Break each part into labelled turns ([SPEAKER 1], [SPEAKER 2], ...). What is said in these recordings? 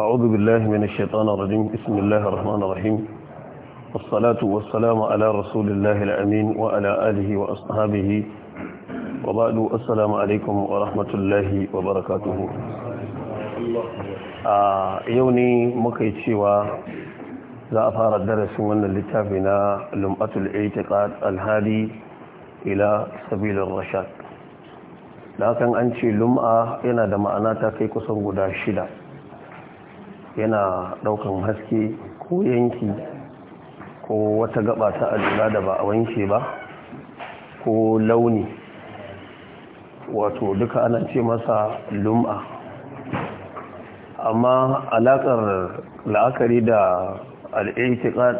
[SPEAKER 1] أعوذ بالله من الشيطان الرجيم بسم الله الرحمن الرحيم والصلاة والسلام على رسول الله الأمين وعلى آله وأصحابه وبعد السلام عليكم ورحمة الله وبركاته يوني مكيتشي و za a fara darasin wannan littafi na lum'atul itiqad alhadi ila sabilir rashad da hakan an ce lum'a yana da ma'ana ta kai kusan guda shida yana daukan haske ko yanki ko wata gaba ta alura da ba a wanke ba ko launi wato duka ana ce masa lum'a amma alakar la'akari da al'intiƙad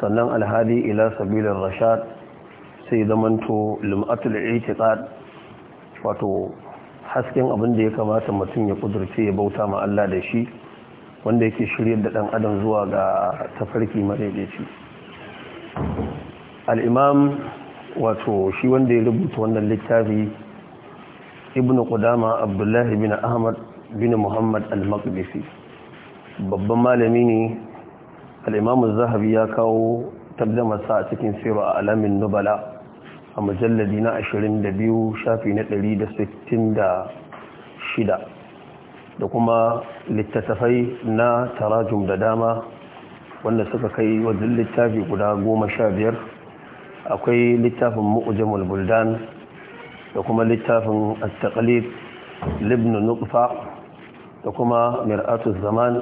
[SPEAKER 1] sannan alhadi ila sabilin rashad sai zamanto lum'atul i'tiqad wato hasken abin da ya kamata mutum ya kudurce ya bauta ma Allah da shi wanda yake shirya da dan adam zuwa ga tafarki madaidaici al'imam wato shi wanda ya rubuta wannan littafi ibnu qudama abdullahi bin ahmad bin muhammad al-maqdisi babban malami ne al'imamun zahabi ya kawo tabdamarsa a cikin siru a alamin nubala a mujalladi na 22 shafi na 166 da kuma littattafai na tarajum da dama wanda suka kai wajen littafi guda goma sha biyar akwai littafin mu'ujamul buldan da kuma littafin attaqalib libnu nutfa da kuma mir'atu zaman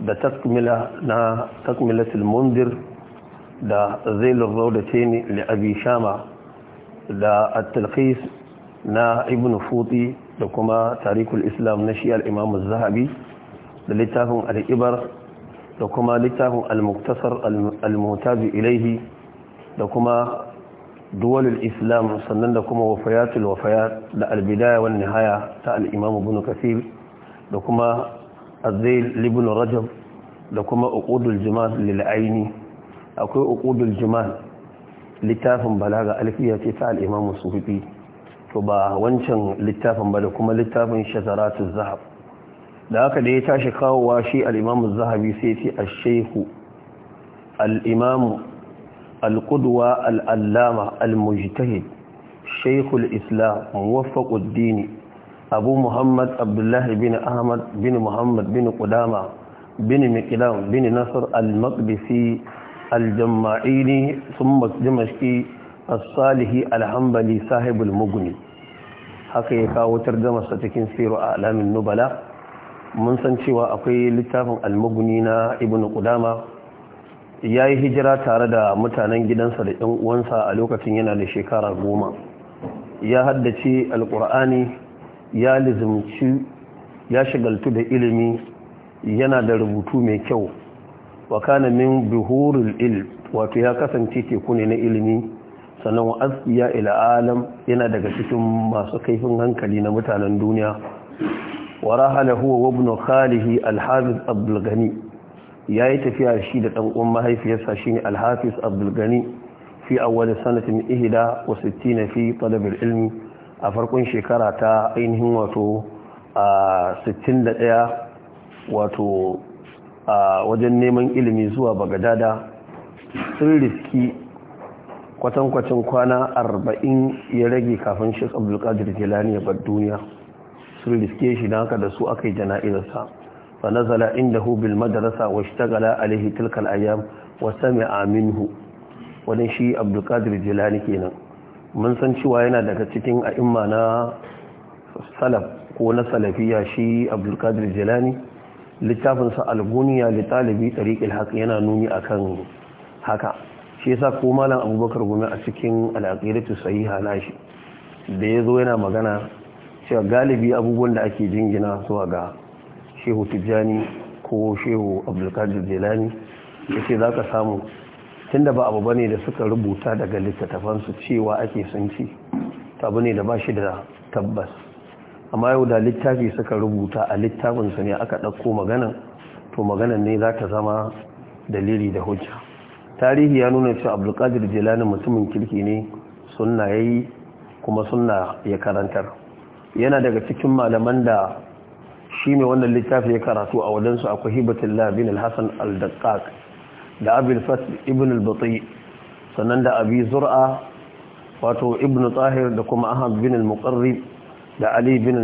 [SPEAKER 1] da takmila na takmilatul mundir da zailur raudatain li abi shama da at na ibn futi da kuma tarikul islam na shi al'imamu zahabi da littafin al'ibar da kuma littafin al-muktasar al-mutabi ilaihi da kuma duwalul islam sannan da kuma wafayatul wafayat da albidaya wani nihaya ta al'imamu ibn kafir da kuma azil libin rajab da kuma uqudul jimal aini akwai uqudul jimal littafin balaga alfiya ce ta al'imamu sufi to ba wancan littafin ba da kuma littafin shazaratun zahab da haka da ya tashi kawowa shi al'imamun zahabi sai ce a shehu al'imamu al'uduwa al'allama al-mujtahid shekul islam muwafaƙuddini abu muhammad abdullahi bin ahmad bin muhammad bin ƙudama bin Miƙilam, bin nasar al-maqdisi al-jamma'ini sun dimashki as-salihi al-hanbali sahibul mughni haka ya kawo sa cikin siru a alamin nubala mun san cewa akwai littafin al-mughni na ibn qudama yayi hijira tare da mutanen gidansa da ɗan uwansa a lokacin yana da shekara goma ya haddace al-qur'ani ya lizimci ya shigaltu da ilimi yana da rubutu mai kyau wa kana min buhurul ilm wato ya kasance teku ne na ilimi sannan wa asiya ila alam yana daga cikin masu kaifin hankali na mutanen duniya wa rahala huwa wa ibn khalihi al-hafiz abdul gani yayi tafiya shi da dan uwan mahaifiyarsa shine al-hafiz abdul gani fi awwal sanatin ihida ihda wa 60 fi talab al-ilm a farkon shekara ta ainihin wato 61 wato wajen neman ilimi zuwa bagadada sun riski kwatankwacin kwana arba'in ya rage kafin shi abdulkadir jilani ya bar duniya sun riske shi na haka da su aka yi jana'izarsa fa nazala inda bil madarasa wa a alaihi tilkal ayyam wa amin hu wani shi abdulkadir jilani kenan mun san cewa yana daga cikin a'imma na salaf ko na salafiya shi abdulkadir jilani littafinsa alguniya litalibi tariqil haka yana nuni akan haka shi yasa ko malam abubakar gumi a cikin al'aqidatu sahiha nashi da yazo yana magana cewa galibi abubuwan da ake jingina zuwa ga shehu tijjani ko shehu abdulkadir jelani yace zaka samu tunda ba abu bane da suka rubuta daga littattafansu cewa ake sunci ci abu ne da ba shi da tabbas amma yau da littafi suka rubuta a littafinsu ne aka dauko maganan to maganan ne za zama dalili da hujja tarihi ya nuna cewa abdulkadir jilani mutumin kirki ne sunna ya yi kuma sunna ya karantar yana daga cikin malaman da shi ne wannan littafi ya karatu a wadansu akwai hibatun labin alhassan al da abin ibn al sannan da abi zur'a wato ibn tsahir da kuma ahab bin almukarri da ali bin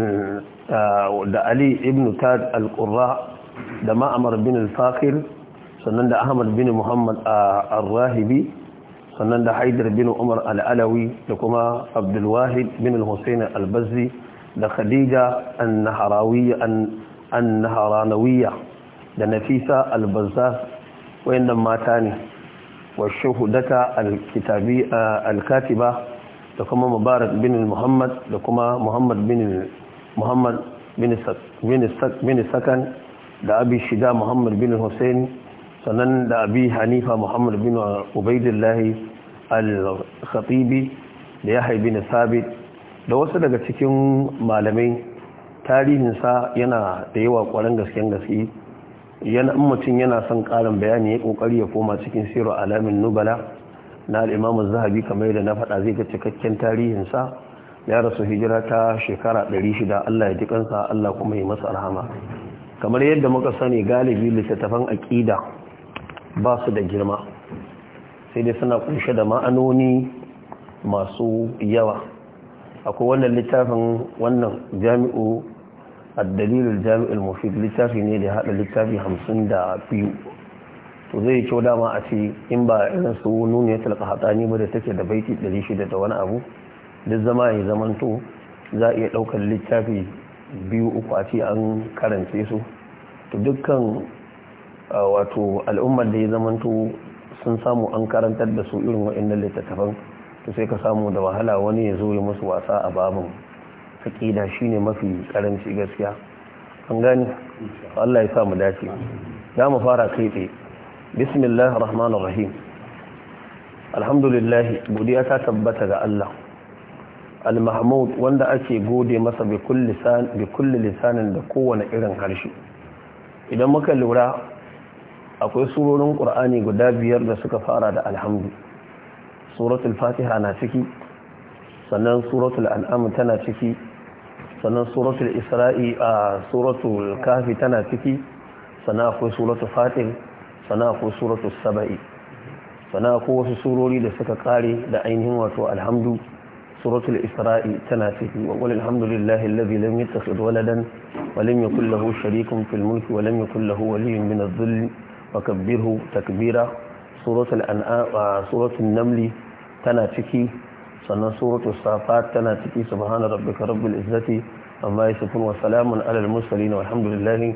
[SPEAKER 1] ibn tad al-qurra da ma'amar bin alfakir sannan da ahmad bin muhammad al-rahibi sannan da haidar bin umar al-alawi da kuma abdulwahid bin hussein al-bazzi da khadija an-naharanawiyya da nafisa al-bazzaz wayannan mata ne wa shuhudata al-kitabi al-katiba da kuma mubarak bin muhammad da kuma muhammad bin muhammad bin sakan da abi shida muhammad bin hussein sannan da abi hanifa muhammad bin ubaidillahi al-khatibi da ya haibi na sabit da wasu daga cikin malamai tarihinsa yana da yawa kwarin gasken gaske yana mutum yana son karin bayani ya kokari ya koma cikin siru alamin nubala na al'imamun zahabi kamar yadda na faɗa zai ga cikakken tarihinsa ya rasu hijira ta shekara 600 Allah ya ji kansa Allah kuma ya masa rahama kamar yadda muka sani galibi littattafan aƙida ba su da girma sai dai suna kunshe da ma'anoni masu yawa akwai wannan littafin wannan jami'u a dalilin jami'ul mufid littafi ne da hada littafi hamsin da biyu to zai kyau dama a ce in ba irin su nuna ya talaka hatsani ba da take da baiti 600 da wani abu duk zama ya zamanto za a iya ɗaukar littafi biyu uku a ce an karance su to dukkan wato al'ummar da ya zamanto sun samu an karantar da su irin waɗannan littattafan to sai ka samu da wahala wani ya zo ya musu wasa a babin shi ne mafi karanci gaskiya an gani Allah ya sa mu dace za mu fara kai tsaye bismillah rahmanir rahim alhamdulillah godiya ta tabbata ga Allah al-mahmud wanda ake gode masa bi kulli lisan bi kulli lisanin da kowane irin harshe idan muka lura akwai surorin ƙur'ani guda biyar da suka fara da alhamdu suratul fatiha na ciki sannan suratul an'am tana ciki sannan suratul isra'i a suratul kafi tana ciki sannan akwai suratul fatih sannan akwai suratul saba'i sannan akwai wasu surori da suka kare da ainihin wato alhamdu suratul isra'i tana ciki wa qul alhamdulillahi alladhi lam yattakhidh waladan wa lam yakul lahu sharikun fil mulki wa lam yakul lahu waliyyun min adh-dhilli fakabbirhu takbira suratul an'am ah, suratul namli tana ciki sannan suratul safat tana ciki subhana rabbika rabbil izzati amma yasifun wa salamun alal mursalin walhamdulillahi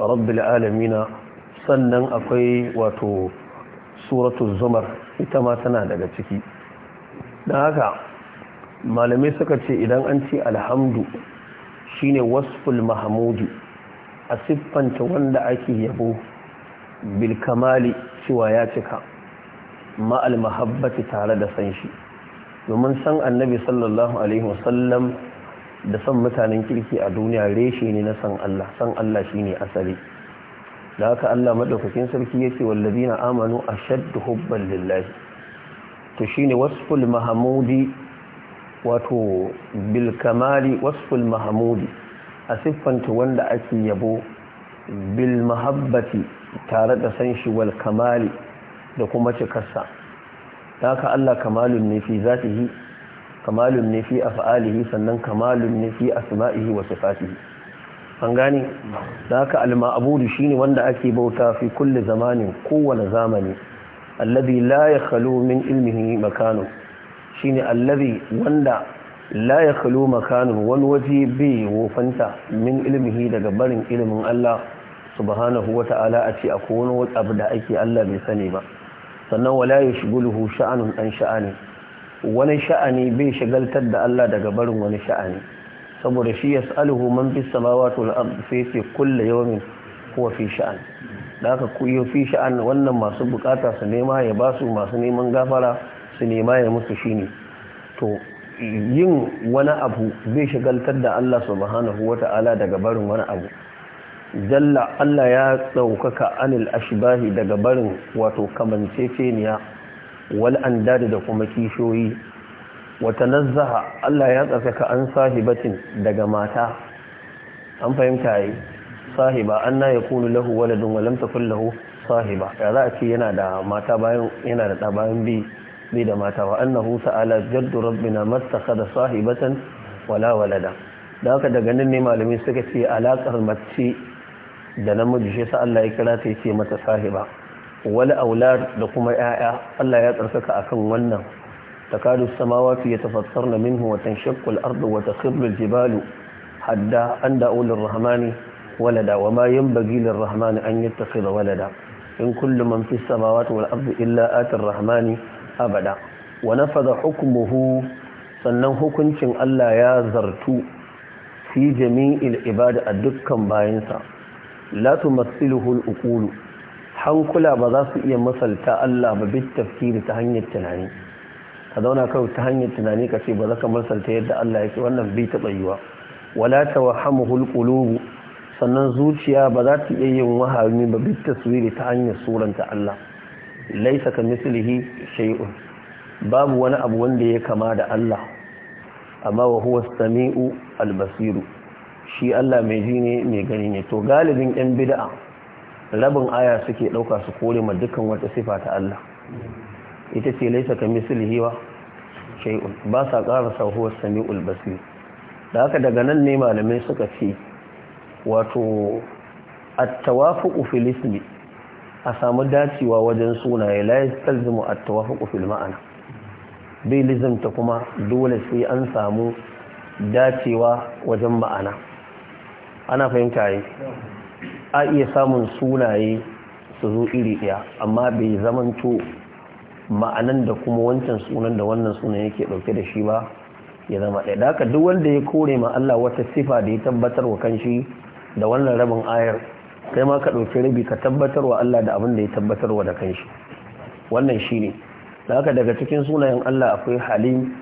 [SPEAKER 1] rabbil alamin sannan akwai wato suratul zumar ita ma tana daga ciki dan haka malamai suka ce idan an ce alhamdu shine wasful mahmudu a siffanta wanda ake yabo bilkamali cewa ya cika ma'al mahabbati tare da san shi domin san annabi sallallahu alaihi wasallam da san mutanen kirki a duniya reshe ne na san Allah san Allah shine asali da haka Allah madaukakin sarki yace na amanu ashaddu hubban lillahi to shine wasful mahmudi wato bilkamali wasful mahmudi a siffanta wanda ake yabo bil mahabbati tare da san shi wal kamali da kuma cikarsa ta ka Allah kamalun ne fi zatihi kamalun ne fi af'alihi sannan kamalun ne fi asma'ihi wa sifatihi an gane da haka al-ma'budu shine wanda ake bauta fi kulli zamanin kowane zamani alladhi la yakhlu min ilmihi makanu shine alladhi wanda la yakhlu makanu wani waje bai wofanta min ilmihi daga barin ilimin Allah subhanahu wa ta'ala a ce akwai wani wata abu da ake Allah bai sani ba sannan wala ya luhu sha'anun ɗan sha'ani wani sha'ani bai shagaltar da Allah daga barin wani sha'ani saboda shi yas'aluhu man bis samawati abu sai fi ce kulli yawmin kuwa fi sha'an da aka kuyo fi sha'an wannan masu bukata su nema ya basu masu neman gafara su nema ya musu shi ne to yin wani abu bai shagaltar da Allah subhanahu ta'ala daga barin wani abu jalla Allah ya tsaukaka anil ashbahi daga barin wato kamanceceniya wal andadi da kuma kishoyi wata nazzaha Allah ya tsakaka an sahibatin daga mata an fahimta yi sahiba an na ya kunu lahu waladun walam takun lahu sahiba ya za a ce yana da mata bayan yana da ɗabayan bi bi da mata wa annahu ta'ala jaddu rabbina da sahibatan wala walada da haka daga nan ne malamai suka ce alakar mace da namiji shi sa Allah ya kira ta ce mata sahiba wal aulad da kuma yaya Allah ya tsarkaka akan wannan takadu samawati yatafassarna minhu wa tanshaqqu ardu wa takhirru jibalu hadda an da'u lir-rahmani walada wa ma yanbaghi lir-rahmani an da walada in kullum man fi samawati wal-ardi illa ati rahmani abada wa nafadha hukumuhu? sannan hukuncin Allah ya zartu fi jami'il ibada a dukkan bayansa la tumassiluhu al-uqul hankula ba za su iya masalta Allah ba bit tafsiri ta hanyar tunani ka zauna kawai ta hanyar tunani ka ce ba za ka masalta yadda Allah yake wannan bai taɓa yiwa wala tawahhamuhu al sannan zuciya ba za ta iya yin wahami ba bit taswiri ta hanyar suranta Allah laisa ka mislihi shay'un babu wani abu wanda ya kama da Allah amma wa huwa as-sami'u al-basiru shi Allah mai ji ne mai gani ne to galibin yan bida'a rabin aya suke ɗauka su kore ma dukkan wata sifa ta Allah ita ce laisa ka misali wa shay'un ba sa ƙara sa samiul basir da haka daga nan ne malamai suka ce wato at-tawafuqu fil a samu dacewa wajen sunaye la yastalzimu at-tawafuqu fil ma'ana bai ta kuma dole sai an samu dacewa wajen ma'ana ana fahimta yi a iya samun sunaye su zo iri ɗaya amma bai zaman zamanto ma'anan da kuma wancan sunan da wannan sunan yake ɗauke da shi ba ya zama ɗaya da duk wanda ya kore ma Allah wata sifa da ya tabbatar wa kanshi da wannan rabin ayar kai ma ka ɗauki rabi ka tabbatar wa Allah da abin da ya tabbatar wa da kanshi wannan shi ne da haka daga cikin sunayen Allah akwai halim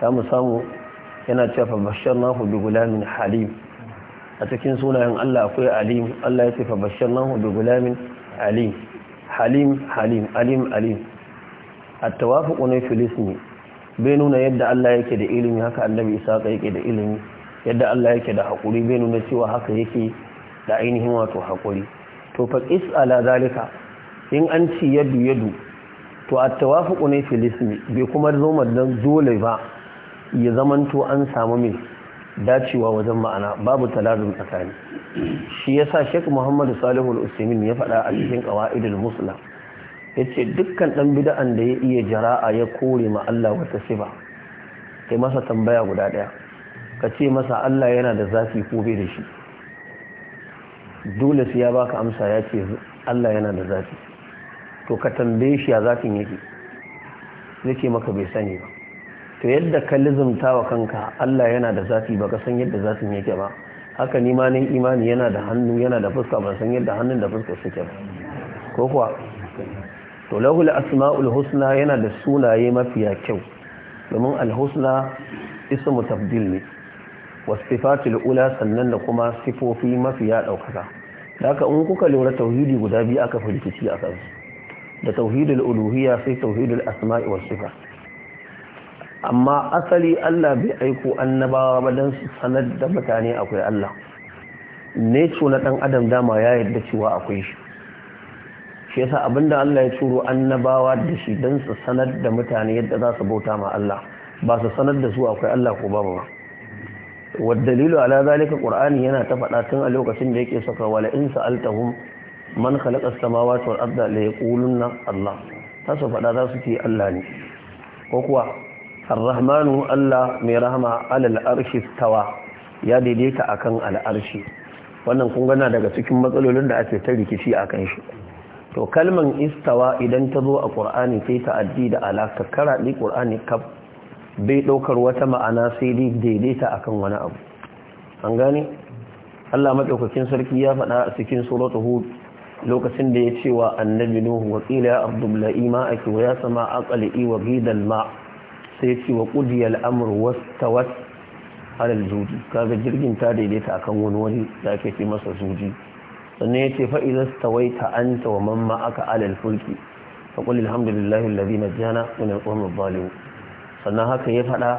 [SPEAKER 1] za samu yana cewa bashar nahu bi gulamin halim a cikin sunayen Allah akwai alim Allah ya ce fa nan hudu gulamin alim halim halim alim alim a tawafuq ne filismi bai nuna yadda Allah yake da ilimi haka annabi isa ka yake da ilimi yadda Allah yake da haƙuri bai nuna cewa haka yake da ainihin wato haƙuri to fa ala zalika in an ci yadu yadu to a tawafuq ne filismi bai kuma zo madan dole ba ya zamanto an samu mai dacewa wajen ma'ana babu talatin tsakani shi yasa Sheikh Muhammad Salihu al ya faɗa a cikin Qawaidul Musla yace dukkan dan bid'an da ya iya jara'a ya kore ma Allah wata sifa kai masa tambaya guda daya ka ce masa Allah yana da zafi ko bai da shi dole sai ya baka amsa ya ce Allah yana da zafi to ka tambaye shi ya zafin yake maka bai sani ba ka yadda ka lizumta wa kanka Allah yana da zafi ba ka san yadda zafin yake ba haka ni ma imani yana da hannu yana da fuska ba san yadda hannun da fuska suke ba ko kuwa to lahul asma'ul husna yana da sunaye mafiya kyau domin alhusna ismu tabdil ne wasifatul ula sannan da kuma sifofi mafiya daukaka haka in kuka lura tauhidi guda biyu aka fi rikici a kansu da tauhidul uluhiyya sai tauhidul asma'i was sifat amma asali Allah bai aiko annabawa ba don su sanar da mutane akwai Allah ne na ɗan adam dama ya yarda cewa akwai shi shi yasa abinda Allah ya turo annabawa da shi don su sanar da mutane yadda za su bauta ma Allah ba su sanar da su akwai Allah ko babu ba waddalilu ala zalika qur'ani yana ta faɗa tun a lokacin da yake saka wala in sa'altahum man khalaqa as-samawati wal arda la yaquluna Allah ta su faɗa za su ce Allah ne ko kuwa الرحمن الله mai rahama alal tawa ya daidaita akan al'arshi wannan kun gana daga cikin matsalolin da ake ta rikici kan shi to kalman istawa idan ta zo a qur'ani sai ta addi da alaka kara ni qur'ani kaf bai daukar wata ma'ana sai dai daidaita akan wani abu an gane Allah madaukakin sarki ya faɗa a cikin suratul hud lokacin da ya ce wa annabi nuhu wa qila ya ardu bla'i ma'aki wa ya sama aqali wa ghidal ma' sai ce wa ƙudiyar amur wasu alal zuji kaga jirgin ta daidaita akan wani wani da ake ce masa zuji sannan ya ce fa'iza stawaita wa mamma aka alal fulki ta kulli alhamdulillahi lalazi na jana wani al'ummar baliwu sannan haka ya faɗa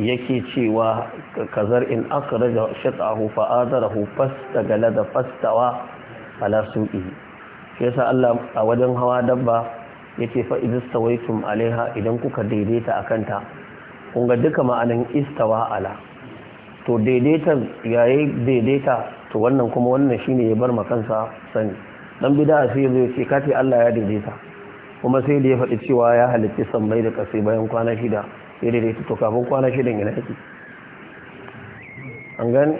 [SPEAKER 1] yake cewa kazar in aka raja shaƙahu fa'adarahu fasta gala da fastawa ala suƙi shi yasa Allah a wajen hawa dabba yace fa idh alaiha idan kuka daidaita a kanta ƙunga duka ma'anan istawa ala to daidaitan yayi daidaita to wannan kuma wannan shine ya bar makansa sani dan bid'a a sai zai ce kace Allah ya daidaita kuma sai da ya faɗi cewa ya halitta sammai da ƙasai bayan kwana shida ya daidaita to kafin kwana shidan yana yake an gani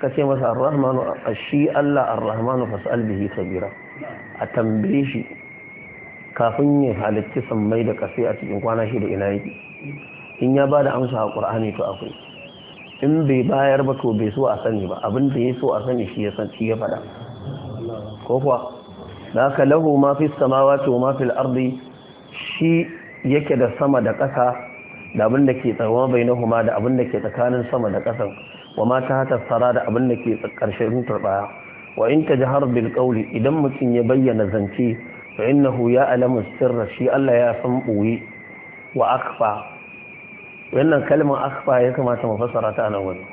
[SPEAKER 1] ka ce masa arrahmanu shi Allah arrahmanu fas'al bihi sabira a tambaye shi kafin ya halarci sammai da kafe a cikin kwana shida ina yake in ya ba da amsa a ƙur'ani to akwai in bai bayar ba to bai so a sani ba abin da ya so a sani shi ya san shi ya faɗa ko kuwa da aka lahu ma fi samawa to ma fi ardi shi yake da sama da ƙasa da abin da ke bai na huma da abin da ke tsakanin sama da ƙasan wa ma ta hata tsara da abin da ke ƙarshen turɓaya wa in ta ji bil qawli idan mutum ya bayyana zance fa innahu ya alamu sirra shi Allah ya san boye wa akfa wannan kalmar akfa ya kamata mu fassara ta nan wani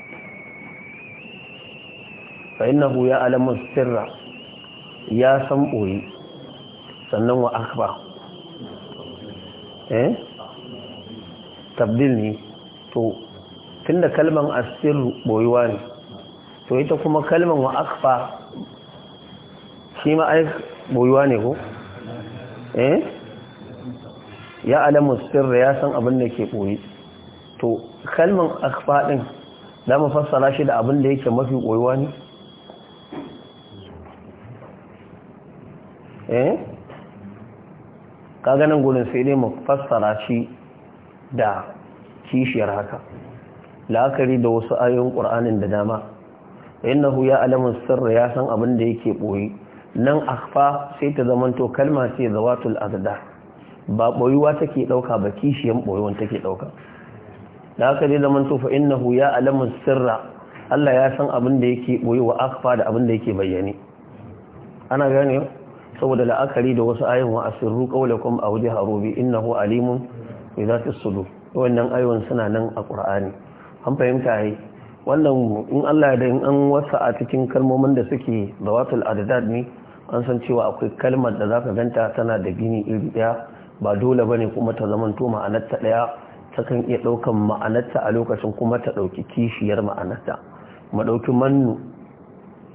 [SPEAKER 1] fa innahu ya alamu sirra ya san boye sannan wa akfa eh tabdil to tunda kalman asirru boyuwa ne to ita kuma kalman wa akfa shi ma ai boyuwa ne ko eh ya alamu sirra ya san abin da ke koyi to kalmin akhfa din da mu fassara shi da abin da yake mafi koyuwa ne eh kaga nan gurin sai dai mu fassara shi da kishiyar haka la'akari da wasu ayoyin qur'anin da dama innahu ya alamu sirra ya san abin da yake koyi nan akhfa sai ta zamanto kalma ce zawatul azda ba boyuwa take dauka ba kishiyan boyuwan take dauka da haka dai zamanto fa innahu ya alamu sirra Allah ya san abin da yake boyuwa akhfa da abin da yake bayyane ana gane saboda la'akari da wasu ayoyin wa asirru qawlakum aw jaharu bi innahu alimun bi zati sudur wannan ayoyin suna nan a qur'ani an fahimta ai wannan in Allah da in an wasa a cikin kalmomin da suke zawatul adad ne an san cewa akwai kalmar da zaka ganta tana da gini iri daya ba dole bane kuma ta zamanto ma'anarta daya kan iya daukan ma'anarta a lokacin kuma ta ɗauki kishiyar ma'anarta madauki mannu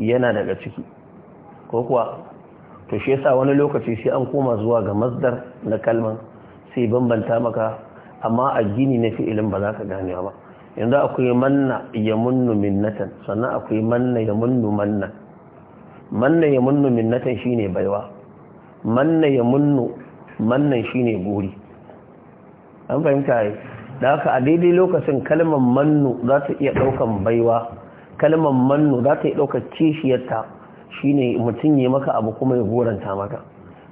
[SPEAKER 1] yana daga ciki ko kuwa to shi yasa wani lokaci sai an koma zuwa ga masdar na kalman sai bambanta maka amma a gini na fi'ilin ba za ka gane ba yanzu akwai manna ya munnu minnatan sannan akwai manna ya munnu mannan manna ya munnu minnatan ne baiwa manna ya munnu mannan shi ne gori an fahimta yi da haka a daidai lokacin kalmar mannu za ta iya ɗaukan baiwa kalmar mannu za ta iya ɗaukar kishiyarta ne mutum ya maka abu kuma ya goranta maka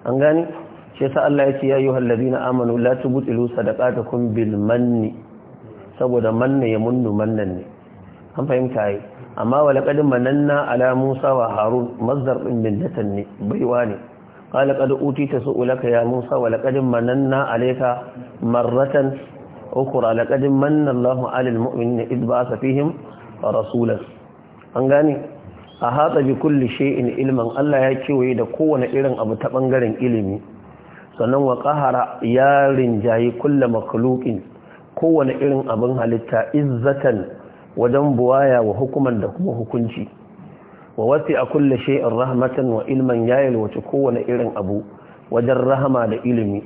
[SPEAKER 1] an gani shi sa Allah ya ce ya yi ayyuhal na amanu la tubtilu kun bil manni saboda manna ya munnu mannan ne an fahimta yi amma wa laqad mananna ala musa wa harun mazdar din minnatan ne baiwa ne uti ta utita ulaka ya musa wa na mananna alayka marratan ukhra laqad manna Allahu 'ala al-mu'minina id ba'atha fihim rasulan an gane a hatsa bi kulli shay'in ilman Allah ya kewaye da kowane irin abu ta bangaren ilimi sannan wa qahara ya rinjayi kullu makhluqin kowane irin abin halitta izzatan wajen buwaya wa hukuman da kuma hukunci wa wasi a kulle shay'in rahmatan wa ilman ya yalwace kowane irin abu wajen rahama da ilimi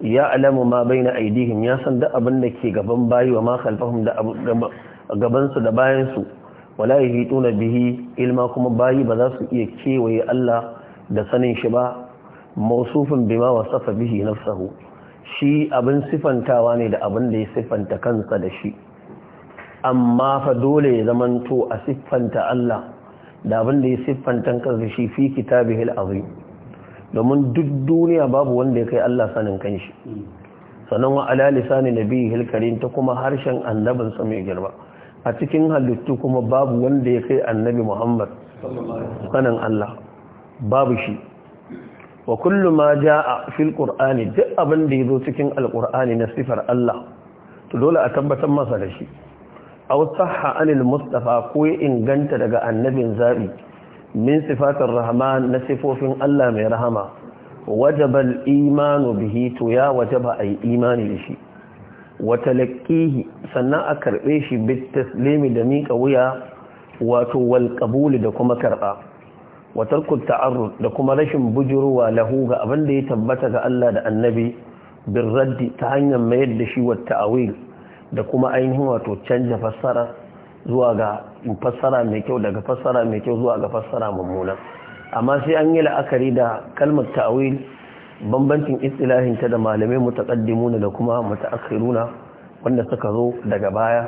[SPEAKER 1] ya alamu ma baina aidihim ya san da abin da ke gaban bayi wa ma khalfahum da gaban su da bayan su wala bihi ilma kuma bayi ba za su iya kewaye Allah da sanin shi ba mausufin bima safa bihi nafsahu shi abin sifantawa ne da abin da ya sifanta kansa da shi amma fa dole ya zamanto a siffanta Allah da abin da ya siffantan kansa shi fi kitabihil azim domin duk duniya babu wanda ya kai Allah sanin kanshi sannan wa ala lisanin nabiyil hilkarin ta kuma harshen annabin sa mai girma a cikin halittu kuma babu wanda ya kai annabi Muhammad sanin Allah babu shi wa kullu ma jaa fil qur'ani duk abin da ya zo cikin Alƙur'ani na sifar Allah to dole a tabbatar masa da shi Ausaha sahha anil mustafa ko ya inganta daga annabin zabi min sifatir rahman na sifofin Allah mai rahama wajaba al imanu bihi to ya wajaba ay imani da shi wa talaqqihi sannan a karbe shi bit taslimi da mika wuya wato wal da kuma karba wa tarku ta'arrud da kuma rashin bujuruwa lahu ga abin da ya tabbata ga Allah da annabi bir raddi ta hanyar mayar da shi wa ta'awil da kuma ainihin wato canja fassara zuwa ga fassara mai kyau daga fassara mai kyau zuwa ga fassara mummuna amma sai an yi la'akari da kalmar ta'awil bambancin istilahin ta da malamai mutaqaddimuna da kuma mutaakhiruna wanda suka zo daga baya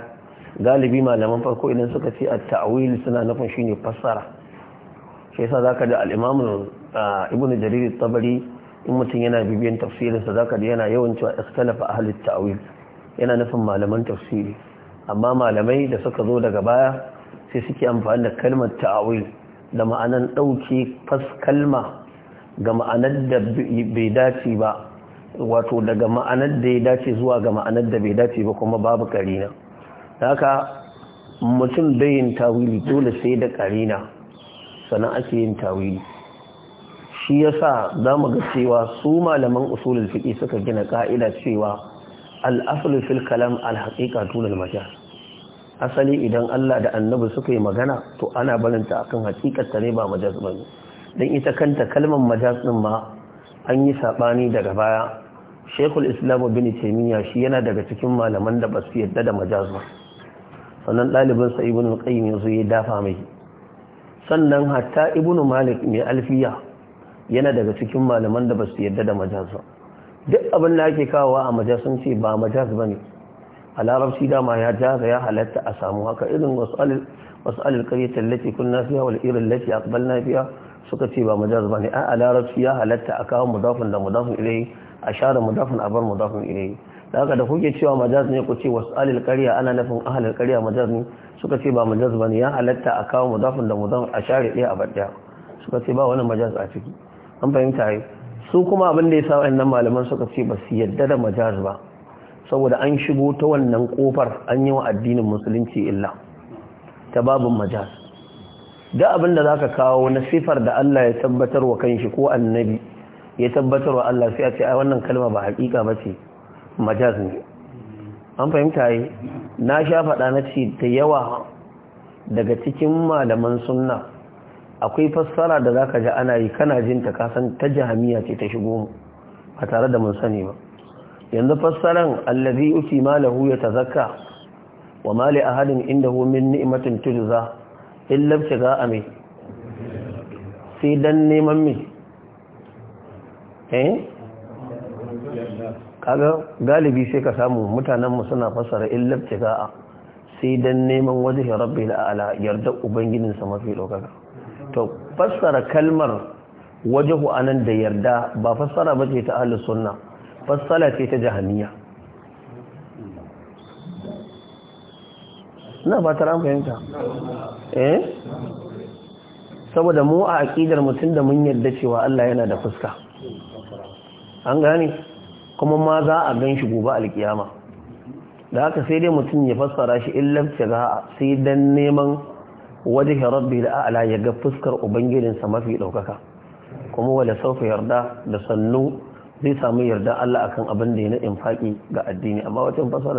[SPEAKER 1] galibi malaman farko idan suka ce a taawil suna nufin shine fassara shi yasa zaka da al-imam ah, ibnu jarir at-tabari in mutum yana bibiyan tafsirinsa zaka da yana yawan cewa ikhtalafa ahli at-ta'awil yana nufin malaman tafsiri amma malamai da suka zo daga baya sai suke amfani da kalmar ta'awil da ma'anan dauke fas kalma ga ma'anar da bai dace ba wato daga ma'anar da ya dace zuwa ga ma'anar da bai dace ba kuma babu karina da haka mutum bai yin tawili dole sai da karina sannan ake yin tawili shi yasa za mu ga cewa su malaman usulul fiqi suka gina ka'ida cewa al'asali fil kalam alhaƙiƙa tunan mashar asali idan Allah da annabi suka yi magana to ana barinta akan haƙiƙarta ne ba majas ba ne don ita kanta kalmar majas ɗin ma an yi saɓani daga baya shekul islamu bin taimiyya shi yana daga cikin malaman da ba su yadda da majas ba sannan ɗalibin sa ibn qayyim yanzu ya dafa mai sannan hatta ibn malik mai alfiya yana daga cikin malaman da ba su yadda da majas ba duk abin da ake kawowa a majas sun ce ba majas ba ne a larabci dama ya jaza ya halatta a samu haka irin wasu alilkari tallace kun na wal irin lati a kabal na suka ce ba majas ba ne a larabci ya halatta a kawo mudafin da mudafin ilai a share mudafin a bar mudafin ilai da haka da kuke cewa majas ne ku ce wasu alilkariya ana nufin ahalilkariya majas ne suka ce ba majas ba ne ya halatta a kawo mudafin da mudafin a share ɗaya a bar ɗaya suka ce ba wani majas a ciki an fahimta yi su kuma abin da ya sa wayannan malaman suka ce ba su yadda da majaz ba saboda an shigo ta wannan kofar an yi wa addinin musulunci illa ta babin majaz da abin da za ka kawo na sifar da Allah ya tabbatar wa kanshi ko annabi ya tabbatar wa Allah sai a ce ai wannan kalma ba haƙiƙa ba ce majaz ne an fahimta yi na sha faɗa na ce da yawa daga cikin malaman sunna akwai fassara da za ka ji ana yi kana jin ta kasan ta jami'a ce ta shigo mu ba tare da mun sani ba yanzu fassaran allazi uti malahu tazakka wa mali ahadin hu min ni'matin tujza illa ga ame sai dan neman me eh kaga galibi sai ka samu mutanen mu suna fassara illa ga sai dan neman wajhi rabbil a'la yarda ubangijinsa mafi dokaka to fassara kalmar wajahu anan da yarda ba fassara ba ce ta ahlus sunna fassala ce ta jahaniya na ba ta fahimta eh saboda mu a aqidar mutum da mun yarda cewa Allah yana da fuska an gane kuma ma za a gan shi gobe alkiyama da haka sai dai mutum ya fassara shi illar shiga sai dan neman wajen rabbil a'la ya ga fuskar ubangijinsa mafi ɗaukaka kuma wala saufa yarda da sannu zai samu yarda Allah akan abin da ya na ga addini amma wajen fasara